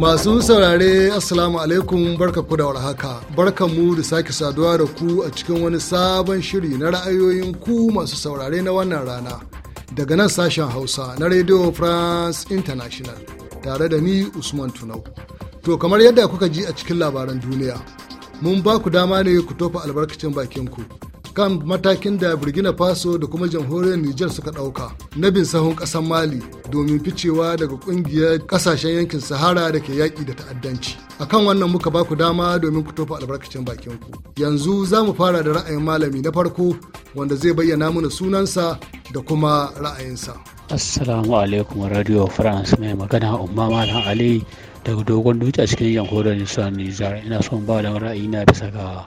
Masu saurare Assalamu alaikum barkaku da warhaka. mu da sake saduwa da ku a cikin wani sabon shiri na ra'ayoyin ku masu saurare na wannan rana. Daga nan sashen Hausa na Radio France International tare da ni Usman Tunau. To kamar yadda kuka ji a cikin labaran duniya, mun ba ku dama ne ku tofa albarkacin bakin ku kan matakin da burgina faso da kuma jamhuriyar niger suka ɗauka na bin sahun kasar mali domin ficewa daga ƙungiyar ƙasashen yankin sahara da ke yaƙi da ta'addanci a kan wannan muka baku dama domin ku tofa albarkacin bakinku yanzu za mu fara da ra'ayin malami na farko wanda zai bayyana mana sunansa da kuma ra'ayinsa assalamu alaikum radio france mai magana umma malam ali daga dogon dutse a cikin jamhuriyar nisan nijar ina son ba da na bisa ga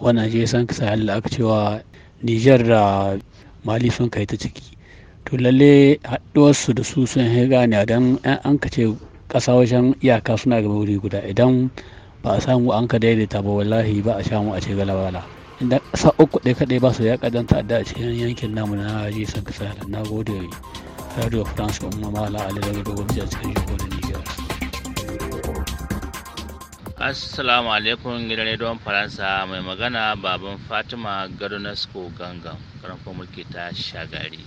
wannan je san sahel da aka cewa nijar da mali sun kai ta ciki to lalle haɗuwarsu da su sun yi gane don an ka ce ƙasa wajen iyaka suna gaba wuri guda idan ba a samu an ka daidaita ba wallahi ba a samu a ce galabala inda ƙasa uku ɗaya kaɗai ba su ya ƙadan ta'adda a cikin yankin namu na je san sahel na gode radio france umma mala ali daga a cikin jihohin Assalamu alaikum gidan rediyon Faransa mai magana baban Fatima Gadonasko Gangan karfin mulki ta shagari.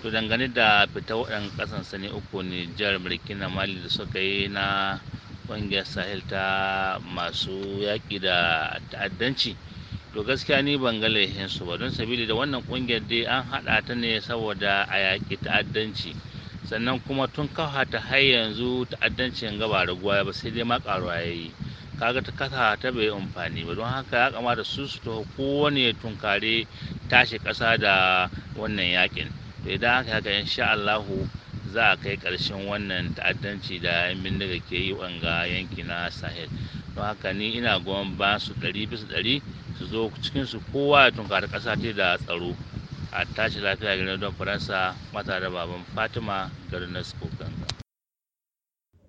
To dangane da fita waɗan ƙasan sani uku jihar Burkina Mali da suka yi na ƙungiyar Sahel ta masu yaƙi da ta'addanci. To gaskiya ni ban ga su ba don sabili da wannan ƙungiyar dai an haɗa ta ne saboda a yaƙi ta'addanci. sannan kuma tun kawo har yanzu ta'addancin gaba raguwa ba sai dai ma ƙaruwa ya yi kaga ta kasa ta bai amfani ba don haka ya kamata su su taho kowane ya tunkare tashi kasa da wannan yakin to idan haka haka insha Allahu za a kai karshen wannan ta'addanci da yan bindiga ke yi wanga yanki na sahel don haka ni ina goyon ba su ɗari bisa ɗari su zo cikin su kowa ya tunkare kasa ce da tsaro a tashi lafiya gina don faransa mata da baban fatima garin na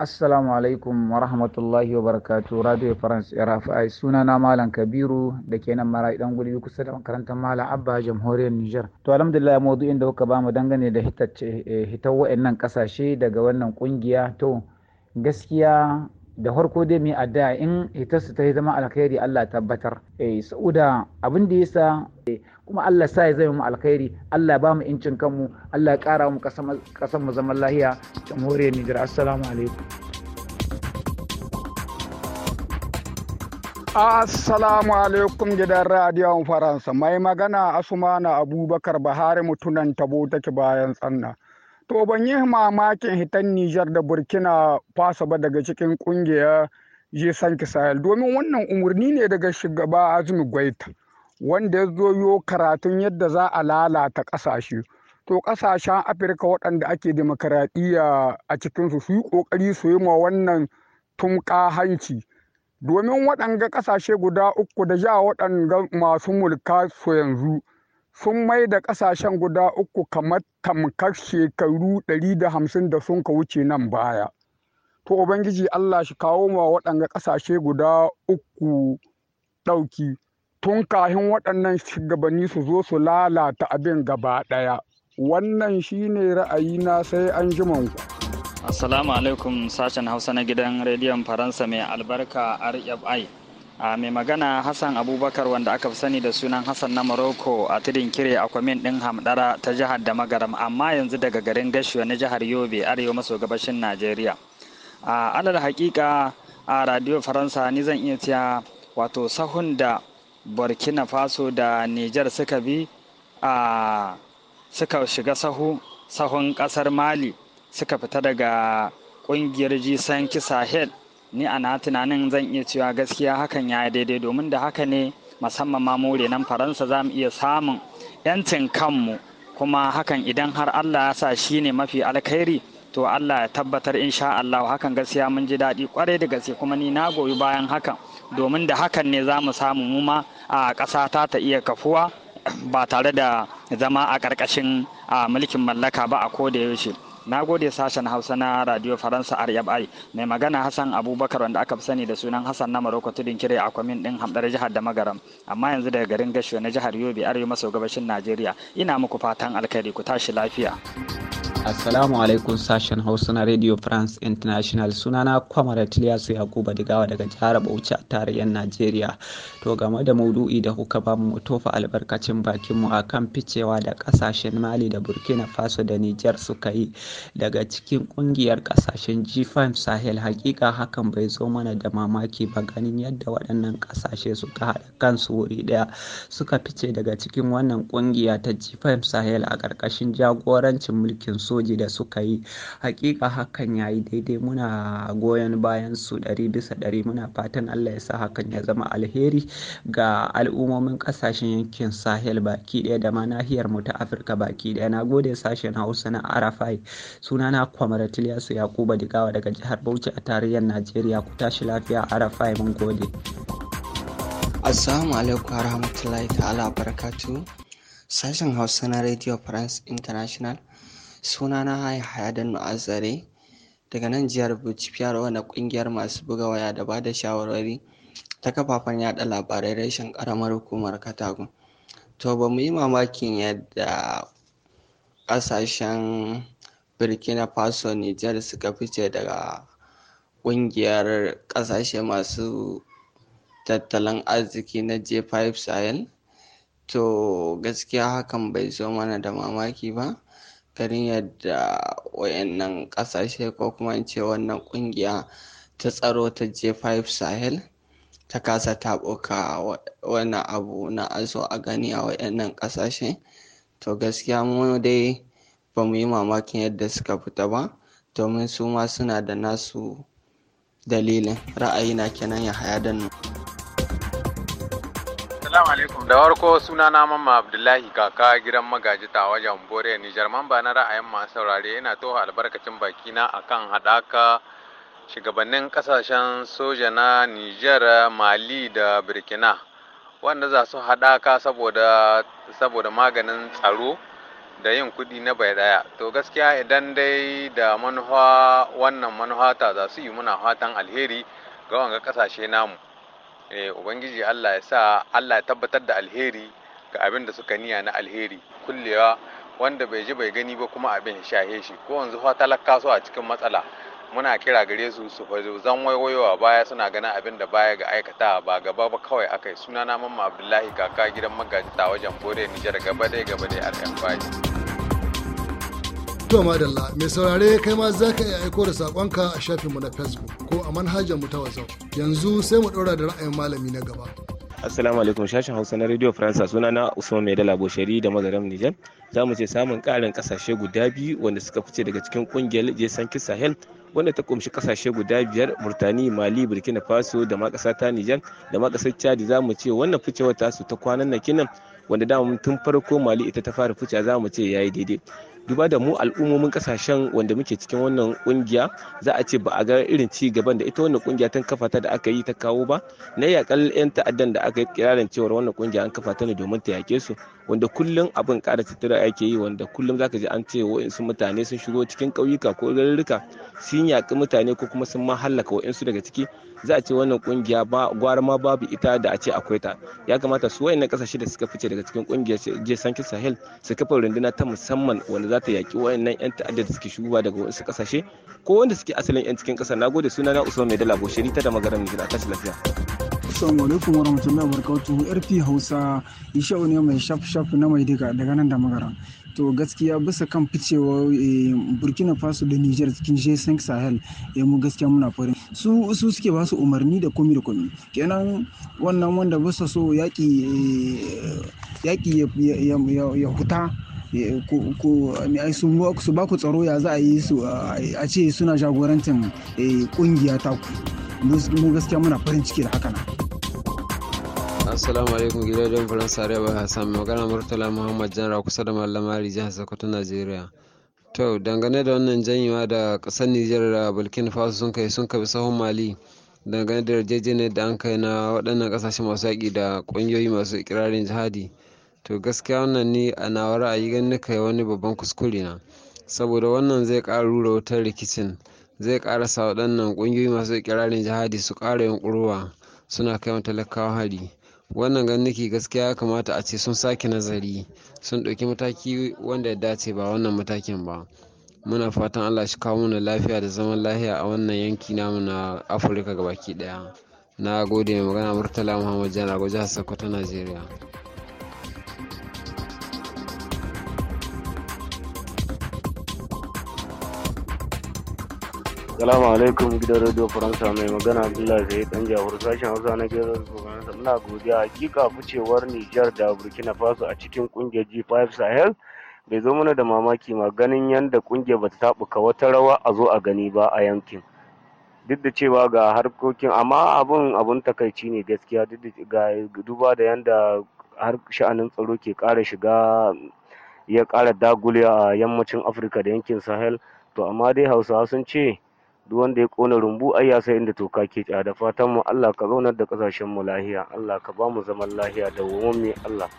Assalamu alaikum wa rahmatullahi wa barakatu Radio France RFI suna na Malam Kabiru da ke nan marayi dan gulbi kusa da makarantar Malam Abba jamhuriyar Nijar. To alhamdulillah maudu'in da kuka bamu dangane da eh, hitar wa'annan kasashe daga wannan kungiya to gaskiya da farko dai mai addu'a in hitarsu ta zama alkhairi Allah tabbatar. Eh Sauda abin da yasa eh, kuma Allah sa ya zama mu alkhairi Allah ba mu incin kanmu Allah ya kara mu kasan mu zaman lahiya jamhuriyar Nijar assalamu alaikum Assalamu alaikum gidan radiyon Faransa mai magana Asumana Abubakar Bahari mutunan tabo take bayan tsanna to ban yi mamakin hitan Nijar da Burkina Faso ba daga cikin kungiyar Jisan Kisayel domin wannan umarni ne daga shugaba Azumi Gwaita wanda ya zo yo karatun yadda za a lalata ƙasashe to ƙasashen afirka waɗanda ake demokaradiyya a cikinsu su yi ƙoƙari su yi ma wannan tumƙa hanci domin waɗanga ƙasashe guda uku da ja waɗanga masu mulka su yanzu sun mai da ƙasashen guda uku kamar tamkar shekaru ɗari da hamsin da sun ka wuce nan baya to ubangiji allah shi kawo ma waɗanga ƙasashe guda uku ɗauki tun kahin waɗannan shugabanni su zo su lalata abin gaba ɗaya wannan shine ra'ayina sai an jimanku. assalamu alaikum sashen hausa na gidan rediyon faransa mai albarka rfi a mai magana hassan abubakar wanda aka fi sani da sunan hassan na morocco a tudun kire a kwamin din hamdara ta jihar da magaram amma yanzu daga garin gashiwa na jihar yobe arewa maso gabashin najeriya a alal hakika a radio faransa ni zan iya cewa wato sahun da burkina faso da niger suka bi a suka shiga sahu sahun kasar mali suka fita daga kungiyar Jisanki kisa sahel ni a na tunanin zan iya cewa gaskiya hakan ya daidai domin da haka ne musamman ma more nan faransa za mu iya samun 'yancin kanmu kuma hakan idan har allah ya sa shi ne mafi alkhairi to Allah ya tabbatar insha Allah hakan gaskiya mun ji daɗi kwarai da gaske kuma ni na goyi bayan hakan domin da hakan ne za mu samu mu ma a ƙasa ta ta iya kafuwa ba tare da zama a ƙarƙashin mulkin mallaka ba a koda yaushe na gode sashen hausa na radio faransa rfi mai magana hassan abubakar wanda aka fi sani da sunan hassan na maroko tudun kire a kwamin din hamdar jihar da magaram amma yanzu daga garin gashiwa na jihar yobe arewa maso gabashin najeriya ina muku fatan alkhairi ku tashi lafiya Assalamu alaikum sashen Hausa na Radio France International sunana Kwamara Tiliyasu Yakuba Digawa daga jihar Bauchi a tarayyar Najeriya. To game da maudu'i da kuka ba mu tofa albarkacin bakinmu mu akan ficewa da kasashen Mali da Burkina Faso da Niger suka yi daga cikin kungiyar kasashen G5 Sahel hakika hakan bai zo mana da mamaki ba ganin yadda waɗannan kasashe suka haɗa kansu wuri ɗaya suka fice daga cikin wannan kungiya ta G5 Sahel a ƙarƙashin jagorancin mulkin su soji da suka yi hakika hakan ya yi daidai muna goyon bayan su ɗari bisa ɗari muna fatan allah ya sa hakan ya zama alheri ga al'ummomin ƙasashen yankin sahel baki ɗaya da ma nahiyar mu ta afirka baki ɗaya na gode sashen hausa na arafai sunana kwamaratil yasu yakuba digawa daga jihar bauchi a tarayyar najeriya ku tashi lafiya arafai mun gode Assalamu alaikum warahmatullahi ta'ala barakatu. Sashen Hausa na Radio France International Sunana Hayadan Azare daga nan jihar Bauchi Fiyarwa na ƙungiyar masu buga waya da ba da shawarwari ta kafafen yaɗa labarai reshen ƙaramar hukumar katako, To ba mu yi mamakin yadda ƙasashen Burkina Faso, Nijar suka fice daga ƙungiyar ƙasashe masu tattalin arziki na j 5 Sahel. To gaskiya hakan bai zo mana da mamaki ba garin yadda wayannan ƙasashe ko kuma in ce wannan kungiya ta tsaro ta J5 Sahel ta kasa taɓuka wannan abu na aso a gani a wayannan ƙasashe to gaskiya mu dai ba mu yi mamakin yadda suka fita ba domin su ma suna da nasu dalilin ra'ayi na kenan ya haya dannu. da farko suna na mamma abdullahi kaka gidan magaji ta wajen bore nijar mamba na ra'ayin masu saurare yana toho albarkacin bakina akan haɗaka shugabannin kasashen soja na nijar mali da burkina wanda za su haɗaka saboda maganin tsaro da yin kuɗi na bai ɗaya to gaskiya idan dai da manuwa wannan manuwa ta za su yi muna fatan alheri ga wanga kasashe namu eh ubangiji Allah ya sa Allah ya tabbatar da alheri ga abin da suka niya na alheri kullewa wanda bai ji bai gani ba kuma abin ya shahe shi ko yanzu fa talaka su a cikin matsala muna kira gare su su fazo zan waiwayowa baya suna ganin abin da baya ga aikata ba gaba ba kawai akai sunana mamma abdullahi kaka gidan magajita wajen bore nijar gaba dai gaba dai akan baji To madalla mai saurare kai ma za ka iya aiko da saƙonka a shafinmu na Facebook ko a manhajar mu ta wasau. Yanzu sai mu ɗora da ra'ayin malami na gaba. Assalamu alaikum shashin Hausa na Radio Faransa suna na Usman mai Dala Boshari da Mazaram Nijar. Za mu ce samun ƙarin ƙasashe guda biyu wanda suka fice daga cikin ƙungiyar Jesan Sahel wanda ta kumshi kasashe guda biyar murtani mali burkina faso da ma kasa ta nijar da ma kasar chad za mu ce wannan ficewar tasu ta kwanan na kinan wanda dama tun farko mali ita ta fara fice za mu ce yayi daidai duba da mu al'ummomin kasashen wanda muke cikin wannan kungiya za a ce ba a ga irin ci gaban da ita wannan kungiya ta kafa ta da aka yi ta kawo ba na yakal yan ta'addan da aka kirarin cewar wannan kungiya an kafa ta ne domin ta yake su wanda kullum abin ƙara tattara ake yi wanda kullum zaka ji an ce wa'insu mutane sun shigo cikin ƙauyuka ko garuruka sun yaƙi mutane ko kuma sun ma hallaka wa'insu daga ciki za a ce wannan kungiya ba gwara ma babu ita da a ce akwai ta ya kamata su wa'annan kasashe da suka fice daga cikin kungiyar je sankin sahel su kafa runduna ta musamman wanda za ta yaƙi wayannan 'yan ta'adda da suke shigowa daga wasu ƙasashe ko wanda suke asalin 'yan cikin ƙasar nagode suna na usman mai dala bosheri ta da magaran gida ta lafiya Assalamu alaikum wa rahmatullahi wa barakatuhu RP Hausa Isha'u ne mai shaf shaf na mai diga daga nan da magara. To gaskiya bisa kan ficewa eh, Burkina Faso da Niger cikin G5 Sahel ya eh, mu gaskiya muna farin. Su su suke ba su umarni da komi da komi. Kenan wannan wanda bisa so yaki eh, yaki ya huta Eh, su ba ku tsaro ya za a yi su a ce suna jagorantar kungiya eh, ku mu gaskiya muna farin ciki da haka na. assalamu alaikum gidajen faransa arewa hassan magana murtala muhammad janra kusa da mallamari jihar sokoto najeriya to dangane da wannan janyewa da kasar nijar da bulkin faso sun kai sun kabi sahun mali dangane da yarjejeniyar da an kai na waɗannan ƙasashe masu yaƙi da ƙungiyoyi masu ikirarin jihadi To gaskiya wannan ni a nawa ra'ayi ganin kai wani babban kuskure na. Saboda wannan zai ƙara rura wutar rikicin, zai ƙara sa waɗannan ƙungiyoyi masu iƙirarin jihadi su ƙara yunƙurowa suna kai wa talakawa hari. Wannan ganin nake gaskiya ya kamata a ce sun sake nazari, sun ɗauki mataki wanda ya dace ba wannan matakin ba. Muna fatan Allah shi kawo mana lafiya da zaman lafiya a wannan yanki namu na Afirka gabaki ɗaya. Na gode mai magana Murtala Muhammad Janago jihar Sokoto Najeriya. Salamu alaikum gidan Radio Faransa mai magana Abdullahi Zai dan jahur sashen Hausa na gidan Faransa muna godiya hakika ficewar Nijar da Burkina Faso a cikin kungiyar G5 Sahel bai zo mana da mamaki ma ganin yadda kungiyar bata tabuka wata rawa a zo a gani ba a yankin. Duk da cewa ga harkokin amma abun abun takaici ne gaskiya duk da ga duba da yadda har sha'anin tsaro ke kara shiga ya ƙara dagulewa a yammacin Afirka da yankin Sahel to amma dai Hausawa sun ce duk wanda ya kona rumbu ai ya san inda toka ke tsaya da fatan mu Allah ka zaunar da kasashen mu lahiya Allah ka ba mu zaman lahiya da mu Allah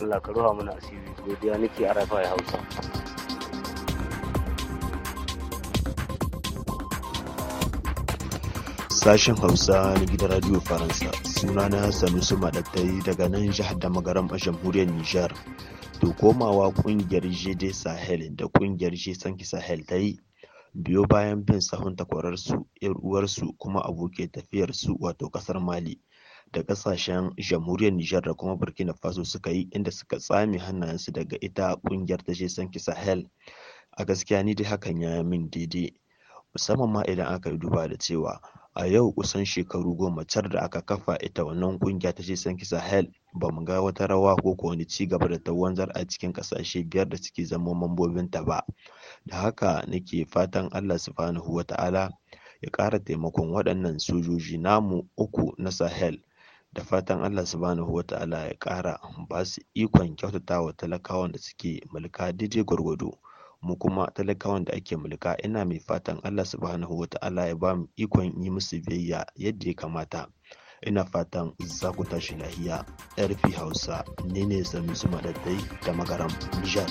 Allah ka ruha mana asiri godiya nake arafa ya Hausa sashen hausa na gidan radio faransa sunana sanusi madattai daga nan jihar da magaram a jamhuriyar nijar to komawa kungiyar jade sahel da kungiyar jisanki sahel ta yi biyo bayan bin sahun takwararsu, 'yar uwarsu kuma abokiyar tafiyarsu wato ƙasar Mali da ƙasashen jamhuriyar Nijar da kuma Burkina Faso suka yi inda suka tsame hannayensu daga ita kungiyar ta sanki Sahel. A gaskiya ni dai hakan ya min daidai musamman ma idan aka yi duba da cewa a yau kusan shekaru goma car da aka kafa ita wannan kungiya ta sanki Sahel ba mu ga wata rawa ko ko wani ci gaba da ta wanzar a cikin ƙasashe biyar da suke zama mambobinta ba da haka nake fatan allah subhanahu wata'ala ya ƙara taimakon waɗannan sojoji namu uku na sahel da fatan allah subhanahu wata'ala ya ƙara ba su ikon kyautatawa talakawan da suke mulka dije gwargwado mu kuma talakawan da ake mulka ina mai fatan allah subhanahu wata'ala ya ba mu ikon yi musu biyayya yadda ya kamata ina fatan za ku tashi lahiya rp hausa ne ne zami su madaddai da magaram nijar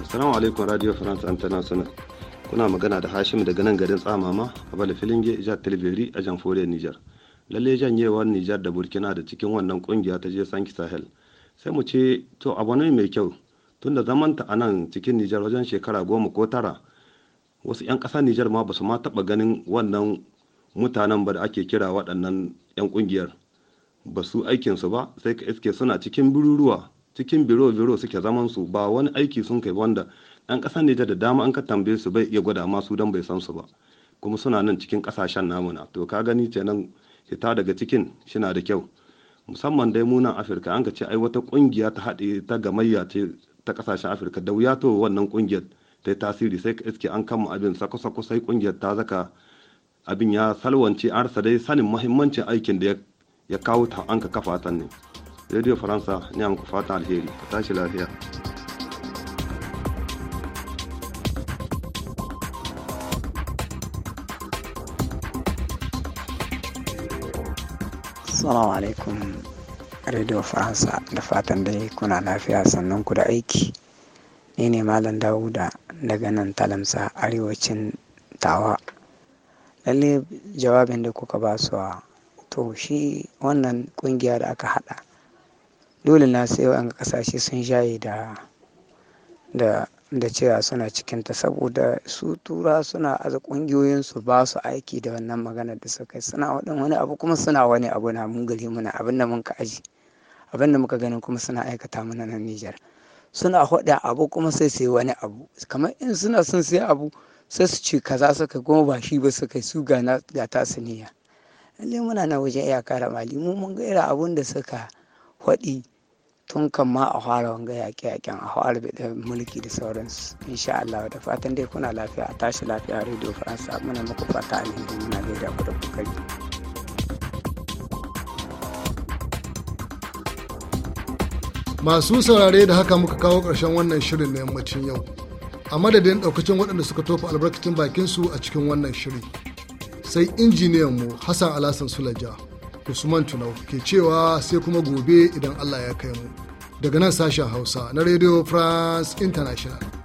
Assalamu alaikum Radio France International. Kuna magana da Hashim daga nan garin Tsamama a Bala Filinge Jihar Tilbiri a Jamhuriyar Nijar. Lalle janyewar Nijar da Burkina da cikin wannan kungiya ta je Sanki Sahel. Sai mu ce to abu ne mai kyau tun da zamanta a nan cikin nijar wajen shekara goma ko tara wasu 'yan ƙasar nijar ma ba su ma taɓa ganin wannan mutanen ba da ake kira waɗannan 'yan ƙungiyar ba su aikinsu ba sai ka iske suna cikin biruruwa cikin biro-biro suke zaman su ba wani aiki sun kai wanda yan ƙasar nijar da dama an ka tambaye su bai iya gwada masu don bai san su ba kuma suna nan cikin ƙasashen namuna to ka gani ce nan fita daga cikin shina da kyau musamman dai munan afirka an ka ce ai wata ƙungiya ta haɗe ta gamayya ce ta kasashen afirka da wuya to wannan kungiyar ta yi tasiri sai ka iske an kama abin sako-sako sai kungiyar ta zaka abin ya salwance an rasa dai sanin mahimmancin aikin da ya kawo ta an ka kafa ta ne radio faransa ne an fata alheri ka tashi lafiya Assalamu alaikum Radio Faransa da fatan dai kuna lafiya sannan ku da aiki. Ni ne Malam Dawuda daga nan Talamsa arewacin Tawa. Lalle jawabin da kuka ba su to shi wannan kungiya da aka hada. Dole na sai wa'an kasashe sun shaye da da da cewa suna cikinta saboda su tura suna aza su ba su aiki da wannan maganar da suka yi suna wani abu kuma suna wani abu na mun gari muna abin da mun ka aji abinda muka ganin kuma suna aikata mana na Nijar suna hoda abu kuma sai sai wani abu kamar in suna son sai abu sai su ce kaza suka goma ba shi ba su kai su ga ta su niyya lalle muna na wajen iya da mali mu mun ga irin abun da suka hodi tun kan ma a fara wanga yaƙe yaƙen a fara da mulki da sauransu insha Allah da fatan dai kuna lafiya a tashi lafiya rediyo faransa muna muku fata alheri muna gaida ku da kokari masu saurare da haka muka kawo ƙarshen wannan shirin na yammacin yau a madadin ɗaukacin waɗanda suka tofa albarkacin bakinsu a cikin wannan shirin sai injiniyan mu hassan alasan sulaja usman tunau ke cewa sai kuma gobe idan allah ya kai mu daga nan sashen hausa na radio france international